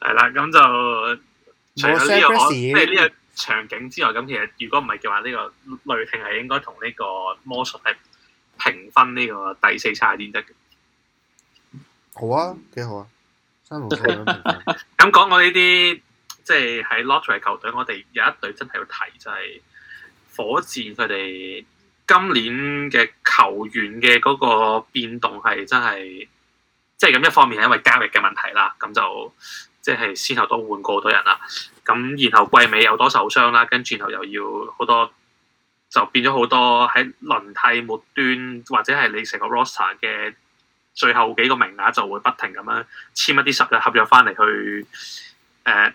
係啦， 咁就除咗呢、呢個即係呢個場景之外，咁其實如果唔係嘅話，呢、呢個雷霆係應該同呢個魔術係平分呢個第四差點得嘅。好啊，幾好啊！三號咁講我呢啲，即係喺 NBA 球隊，我哋有一隊真係要提，就係、係、火箭佢哋。今年嘅球員嘅嗰個變動係真係，即係咁，一方面係因為交易嘅問題啦，咁就即係、就是、先後都換過好多人啦，咁然後季尾又多受傷啦，跟住又又要好多，就變咗好多喺輪替末端或者係你成個 roster 嘅最後幾個名額就會不停咁樣簽一啲十日合約翻嚟去，誒、呃。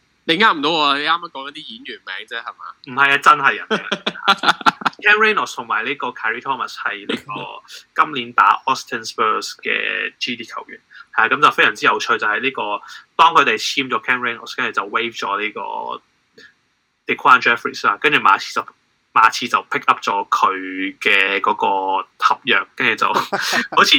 你啱唔到，你啱啱講緊啲演員名啫，係嘛？唔係 啊，真係人啊 Cam Reynolds 同埋呢個 Kerry Thomas 係呢個今年打 Austin Spurs 嘅 G D 球員，係咁就非常之有趣，就係、是、呢、這個當佢哋簽咗 Cam Reynolds 跟住就 wave 咗呢個 Dequan Jeffries 啦、啊，跟住馬刺就馬刺就 pick up 咗佢嘅嗰個合約，跟住就好似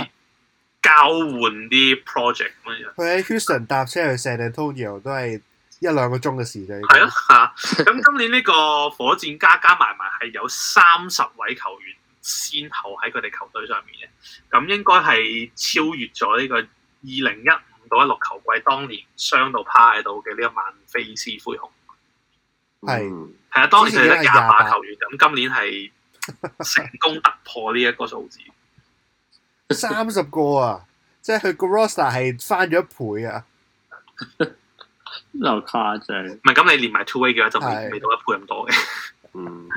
交換啲 project 咁樣。佢喺 Houston 搭車去 San Antonio 都係。一兩個鐘嘅時間，係啊。嚇。咁今年呢個火箭加加埋埋係有三十位球員先後喺佢哋球隊上面嘅，咁應該係超越咗呢個二零一五到一六球季當年傷到趴喺度嘅呢個曼菲斯灰熊。係係是、嗯、啊，當年係啲架球員，咁今年係成功突破呢一個數字。三十 個啊，即係佢個 roster 係翻咗一倍啊！ 又誇張，唔係咁你連埋 two way 嘅話就未未對到一半咁多嘅。 嗯，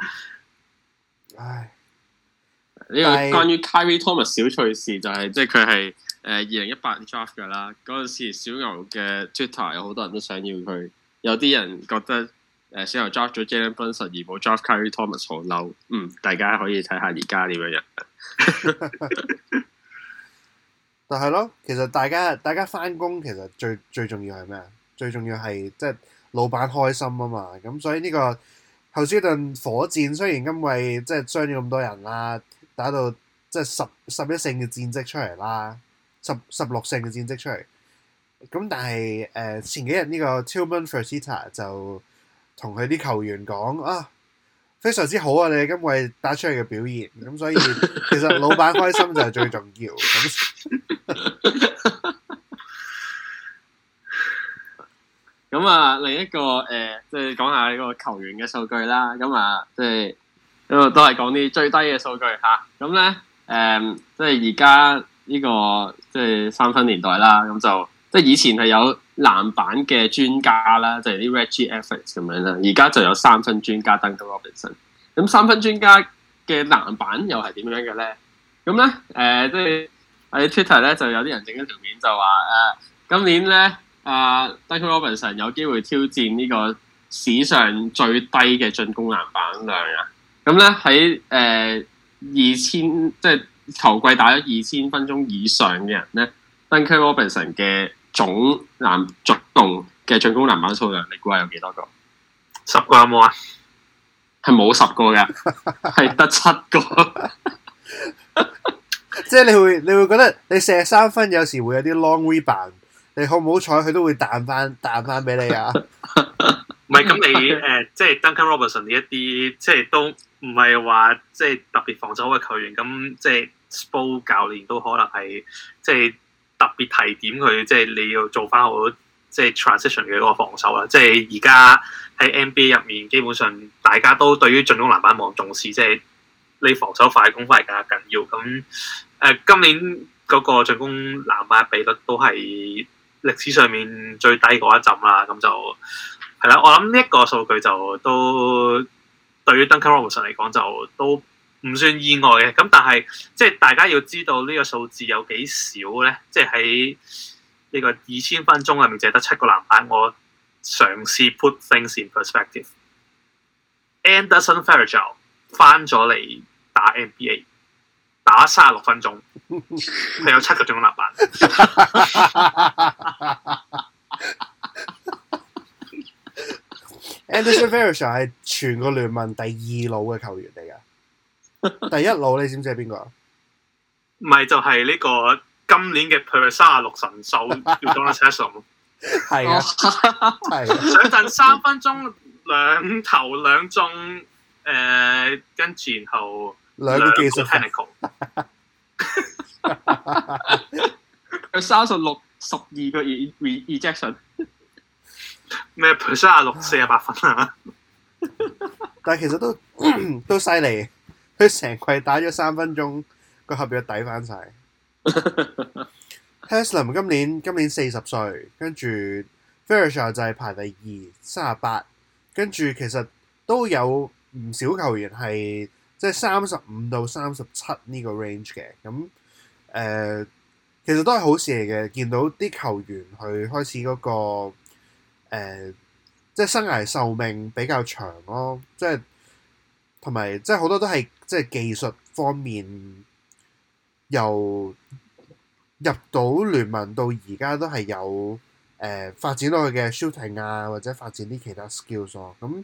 唉，呢這個但 關於 Kyrie Thomas 小趣事就係、是、即係佢係誒二零一八年 draft 噶啦，嗰陣時小牛嘅 Twitter 有好多人都想要佢，有啲人覺得誒、呃、小牛 draft 咗 Jalen Brunson 而冇 draft Kyrie Thomas 好嬲，嗯，大家可以睇下而家點樣樣。但係咯，其實大家大家返工其實最最，最重要係咩啊？最重要係即係老闆開心啊嘛，咁所以呢、這個後斯頓火箭雖然今季即係傷咗咁多人啦，打到即係十十一勝嘅戰績出嚟啦，十十六勝嘅戰績出嚟，咁但係誒、呃、前幾日呢個 Tilman Fertitta 就同佢啲球員講啊，非常之好啊，你今季打出嚟嘅表現，咁所以其實老闆開心就係最重要。 咁啊，另一個誒，即係講下呢個球員嘅數據啦。咁啊，即係都係講啲最低嘅數據吓。咁咧，誒，即係而家呢個即係三分年代啦。咁就即係以前係有籃板嘅專家啦，就係啲 Reggie Evans 咁樣啦。而家就有三分專家 Duncan Robinson。咁三分專家嘅籃板又係點樣嘅咧？咁咧，誒、呃，即係喺 Twitter 咧就有啲人整咗條片就，就話誒，今年咧。啊、uh,，Duncan Robinson 有機會挑戰呢個史上最低嘅進攻籃板量啊！咁咧喺誒二千，呃、2000，即係球季打咗二千分鐘以上嘅人咧，Duncan Robinson 嘅總籃逐動嘅進攻籃板數量，你估下有幾多個？十個啊？冇啊？係冇十個嘅，係得七個。即係你會你會覺得你射三分有時會有啲 long rebound。你好唔好彩？佢都會彈翻彈翻俾你啊！唔係咁你誒，即係 Duncan Robinson 呢一啲，即係都唔係話即係特別防守嘅球員。咁即係 Spoke 教練都可能係即係特別提點佢，即係你要做翻好即係 transition 嘅嗰個防守啦。即係而家喺 NBA 入面，基本上大家都對於進攻籃板冇咁重視，即係你防守快攻快更加緊要。咁誒，今年嗰個進攻籃板比率都係，歷史上面最低嗰一陣啦，咁就係啦。我諗呢一個數據就都對於 Duncan Robinson 嚟講就都唔算意外嘅。咁但係即係大家要知道呢個數字有幾少咧？即係喺呢個二千分鐘入面淨係得七個籃板。我嘗試 put things in perspective。Anderson ll,。Anderson Ferrigel 翻咗嚟打 NBA。打咗三十六分鐘，佢有七個中籃板。Anderson Ferreira 係全個聯盟第二老嘅球員嚟噶，第一老你知唔知係邊、 這個？唔係就係呢個今年嘅佢嘅三啊六神獸叫 Donald 係啊，係上陣三分鐘兩投兩中，誒、呃、跟住然後。兩個技術 technical，佢三十六十二個 ejection 咩？三十六四十八分啊！ 嗯、 但係其實都、嗯、都犀利，佢成季打咗三分鐘，個合約抵翻晒。 Haslam 今年今年四十歲，跟住 Fisher 就係排第二三十八，跟住其實都有唔少球員係，即係三十五到三十七呢個 range 嘅，咁誒、呃、其實都係好事嚟嘅。見到啲球員去開始嗰、嗰個、呃、即係生涯壽命比較長咯、哦。即係同埋即係好多都係即係技術方面由入到聯盟到而家都係有誒、呃、發展到佢嘅 shooting 啊，或者發展啲其他 skills 咁、啊。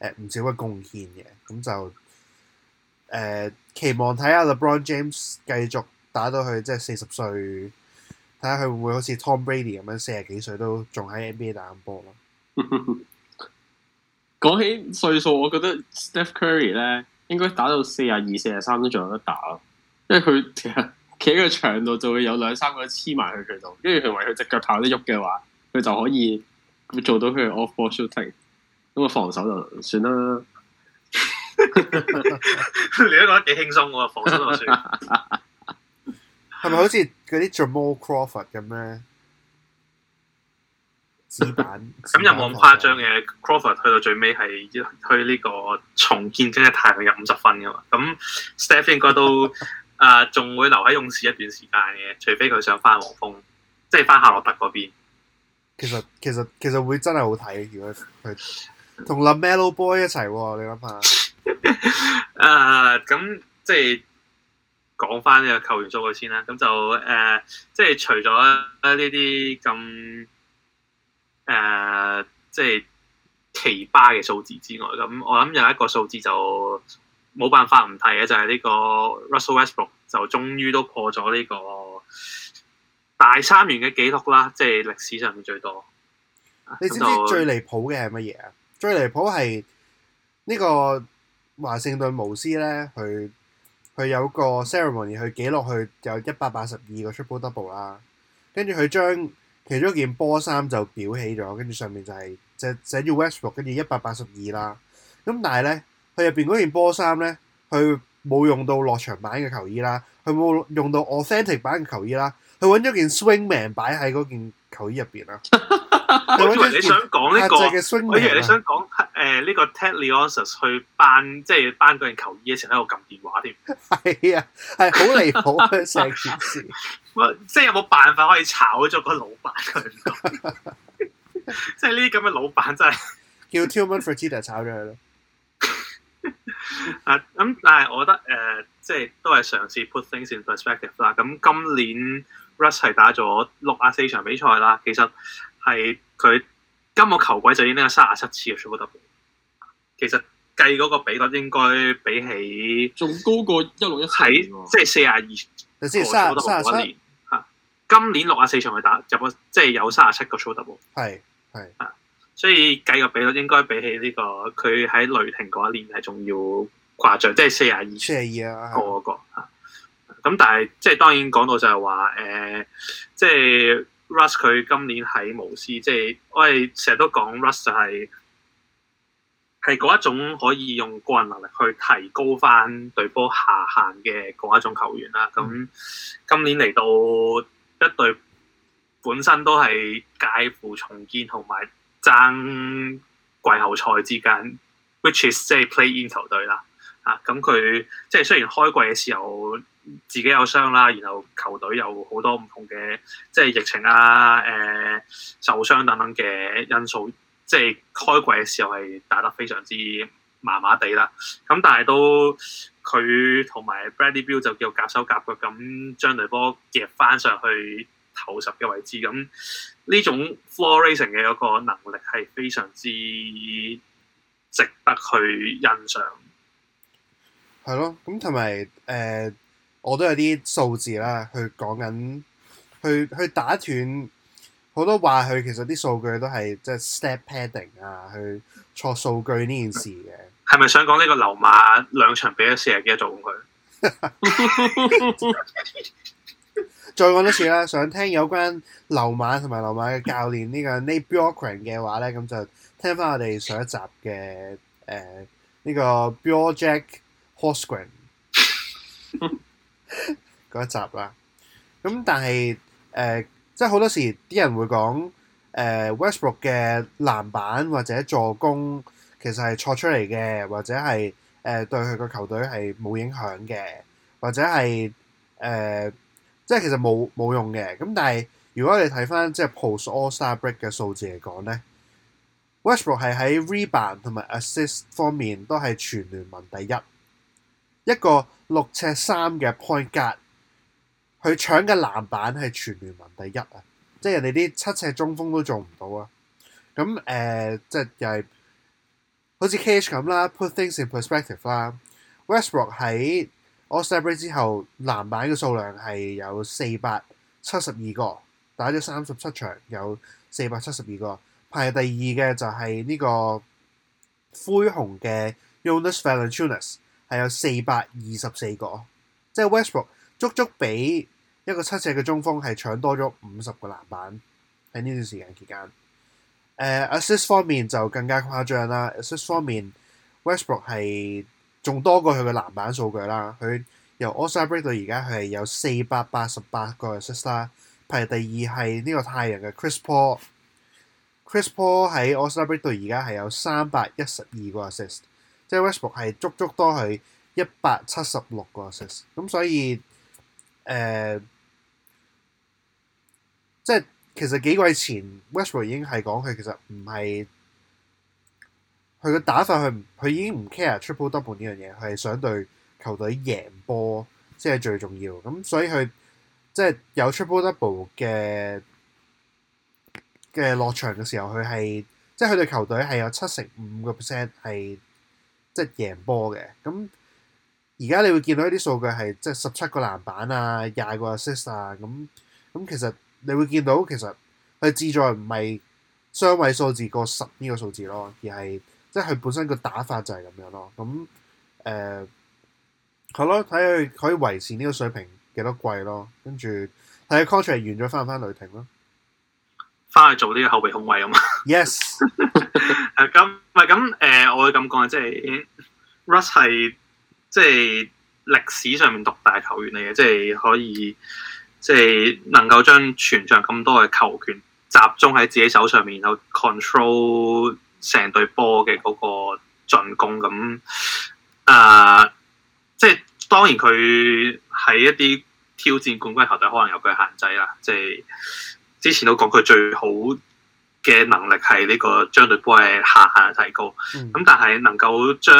誒唔少嘅貢獻嘅，咁就誒、呃、期望睇下 LeBron James 繼續打到佢即係四十歲，睇下佢會唔會好似 Tom Brady 咁樣四十幾歲都仲喺 NBA 打緊波咯。講 起歲數，我覺得 Steph Curry 咧應該打到四十二、四十三都仲有得打咯，因為佢其實企喺個場度就會有兩三個黐埋去佢度，跟住佢為佢隻腳頭都喐嘅話，佢就可以做到佢嘅 off ball shooting。咁啊，防守就算啦。 你都覺得幾輕鬆喎，防守就算。係咪好似嗰啲 Jamal Crawford 咁咧？子彈咁又冇咁誇張嘅。Crawford 去到最尾係去呢個重建，真係太陽入五十分噶嘛？咁 Steph 應該都誒仲會留喺勇士一段時間嘅，除非佢想翻黃蜂，即係翻夏洛特嗰邊。其實其實其實會真係好睇，如果佢。同 LaMelo Boy 一齊喎、哦，你諗下。誒、 啊，咁即係講翻呢個球員數據先啦。咁就誒，即係除咗呢啲咁誒，即係、呃、奇葩嘅數字之外，咁我諗有一個數字就冇辦法唔提嘅，就係、是、呢個 Russell Westbrook、ok、就終於都破咗呢個大三元嘅紀錄啦，即係歷史上面最多。你知唔知最離譜嘅係乜嘢啊？就 最離譜係呢個華盛頓巫師咧，佢佢有個 ceremony 佢記落去就一百八十二個 Triple Double 啦。跟住佢將其中一件波衫就裱起咗，跟住上面就係就寫住 Westbrook，跟住一百八十二啦。咁但係咧，佢入邊嗰件波衫咧，佢冇用到落場版嘅球衣啦，佢冇用到 Authentic 版嘅球衣啦。佢揾咗件 Swingman 擺喺嗰件球衣入邊啊！你想講呢個？我以為你想講誒呢個 Ted Leonsis 去頒，即係頒嗰件球衣嘅時候喺度撳電話添。係啊，係好離譜成件事。 即係有冇辦法可以炒咗個老闆佢 即係呢啲咁嘅老闆真係 叫 Tilman Fertitta 炒咗佢咯。 啊，咁但係我覺得誒、呃，即係都係嘗試 put things in perspective 啦。咁今年。Russ 係打咗六十四場比賽啦，其實係佢今個球季就已經有三十七次嘅 triple double。其實計嗰個比率應該比起仲高過一六一七即係四十二。你先三三今年六十四場去打入、就是、個 double,，即係有三十七個 triple double。係係啊，所以計個比率應該比起呢、呢個佢喺雷霆嗰一年係仲要誇張，即係四十二過一個咁但係，即係當然講到就係話，誒、呃，即、就、係、是、Russ 佢今年喺無私，即、就、係、是、我哋成日都講 Russ 就係係嗰一種可以用個人能力去提高返隊波下限嘅嗰一種球員啦。咁、嗯、今年嚟到一隊本身都係介乎重建同埋爭季後賽之間，which is 即係 Play In 球隊啦。啊，咁佢即係雖然開季嘅時候。自己有傷啦，然後球隊有好多唔同嘅即係疫情啊、誒、呃、受傷等等嘅因素，即係開季嘅時候係打得非常之麻麻地啦。咁但係都佢同埋 Bradley Beal 就叫夾手夾腳咁將隊波夾翻上去頭十嘅位置，咁、嗯、呢種 flourishing 嘅嗰個能力係非常之值得去欣賞。係咯，咁同埋誒。呃我都有啲數字啦，去講緊，去去打斷好多話，佢其實啲數據都係即係 stat padding 啊，去錯數據呢件事嘅。係咪想講呢個流馬兩場比一四廿幾做佢？再講多次啦，想聽有關流馬同埋流馬嘅教練呢個 Nate Bjorkgren 嘅話咧，咁就聽翻我哋上一集嘅誒呢個 Bjorn Jack Horsegram 嗰 一集啦，咁、嗯、但係誒、呃，即係好多時啲人會講誒、呃、Westbrook、ok、嘅籃板或者助攻其實係錯出嚟嘅，或者係誒對佢個球隊係冇影響嘅，或者係誒即係其實冇冇用嘅。咁、嗯、但係如果你睇翻即係 Post All Star Break 嘅數字嚟講咧，Westbrook、ok、係喺 Rebound 同埋 Assist 方面都係全聯盟第一。一個六尺三嘅 point guard，佢搶嘅籃板係全聯盟第一啊！即係人哋啲七尺中鋒都做唔到啊！咁、嗯、誒、呃，即係又係好似 Cage 咁啦，put things in perspective 啦。Westbrook、ok、喺 All-Star Break 之後籃板嘅數量係有四百七十二個，打咗三十七場有四百七十二個，排第二嘅就係呢個灰熊嘅 Jonas Valanciunas。係有四百二十四個，即係 Westbrook、ok、足足比一個七尺嘅中鋒係搶多咗五十個籃板喺呢段時間期間。誒、呃、assist 方面就更加誇張啦，assist 方面 Westbrook、ok、係仲多過佢嘅籃板數據啦。佢由 All-Star Break 到而家係有四百八十八個 assist 啦，排第二係呢個太陽嘅 Chris Paul，Chris Paul 喺 Paul All-Star Break 到而家係有三百一十二個 assist。即係 Westbrook、ok、係足足多佢一百七十六個 assist，咁所以誒、呃、即係其實幾季前 Westbrook、ok、已經係講佢其實唔係佢嘅打法，佢佢已經唔 care triple double 呢樣嘢，佢係想對球隊贏波即係最重要。咁所以佢即係有 triple double 嘅嘅落場嘅時候，佢係即係佢哋球隊係有七成五個 percent 係。即係贏波嘅，咁而家你會見到一啲數據係即係十七個籃板啊，廿個 assist 啊，咁咁其實你會見到其實佢志在唔係雙位數字過十呢個數字咯，而係即係佢本身個打法就係咁樣咯，咁誒係咯，睇佢可以維持呢個水平幾多季咯，跟住睇下 contract 完咗翻唔翻雷霆咯，翻去做呢啲後備控衞啊嘛。Yes。 誒咁唔係咁誒，我會咁講啊，即係 Russ 係即係歷史上面獨大球員嚟嘅，即係可以，即係能夠將全場咁多嘅球權集中喺自己手上面，然後 control 成隊波嘅嗰個進攻咁。誒，即係當然佢喺一啲挑戰冠軍球隊可能有佢限制啊，即係之前都講佢最好，嘅能力係呢個將隊波嘅下限提高，咁、嗯、但係能夠將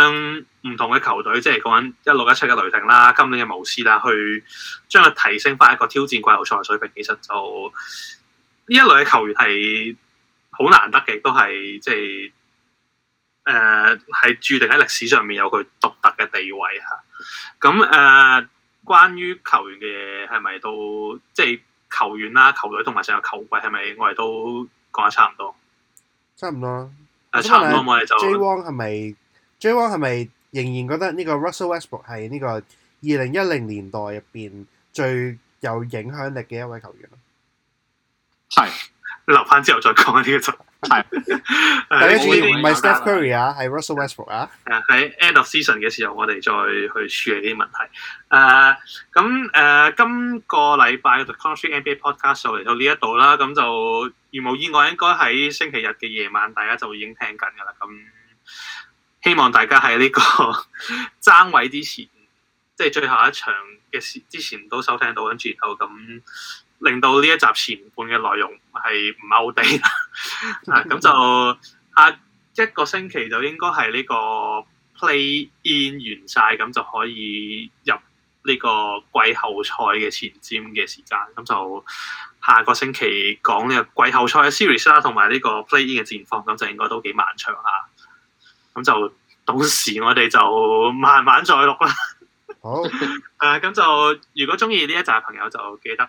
唔同嘅球隊，即係講緊一六一七嘅雷霆啦，今年嘅無斯啦，去將佢提升翻一個挑戰季後賽水平，其實就呢一類嘅球員係好難得嘅，都係即係誒係注定喺歷史上面有佢獨特嘅地位嚇。咁誒、呃，關於球員嘅係咪都即係球員啦、球隊同埋成個球季係咪我哋都？講得差唔多,差唔多，啊、差唔多，但係、嗯、J 汪係咪 J 汪係咪仍然覺得呢個 Russell Westbrook、ok、係呢個二零一零年代入邊最有影響力嘅一位球員咯？係留翻之後再講呢個係，唔係 Steph Curry 啊，係 Russell Westbrook、ok、啊，喺 End of Sea son 嘅時候，我哋再去處理啲問題。誒、uh,，咁誒，今個禮拜嘅 Country NBA Podcast 就嚟到呢一度啦，咁就如無意外，應該喺星期日嘅夜晚，大家就會已經聽緊噶啦。咁希望大家喺呢個 爭位之前，即、就、係、是、最後一場嘅時之前，都收聽到跟住後咁。令到呢一集前半嘅內容係唔 o 好地啦、 啊，咁就下一個星期就應該係呢個 play in 完晒，咁就可以入呢個季後賽嘅前瞻嘅時間，咁就下個星期講呢個季後賽嘅 series 啦，同埋呢個 play in 嘅戰況，咁就應該都幾漫長啊。咁就到時我哋就慢慢再錄啦 Okay.、啊。好，咁就如果中意呢一集嘅朋友就記得。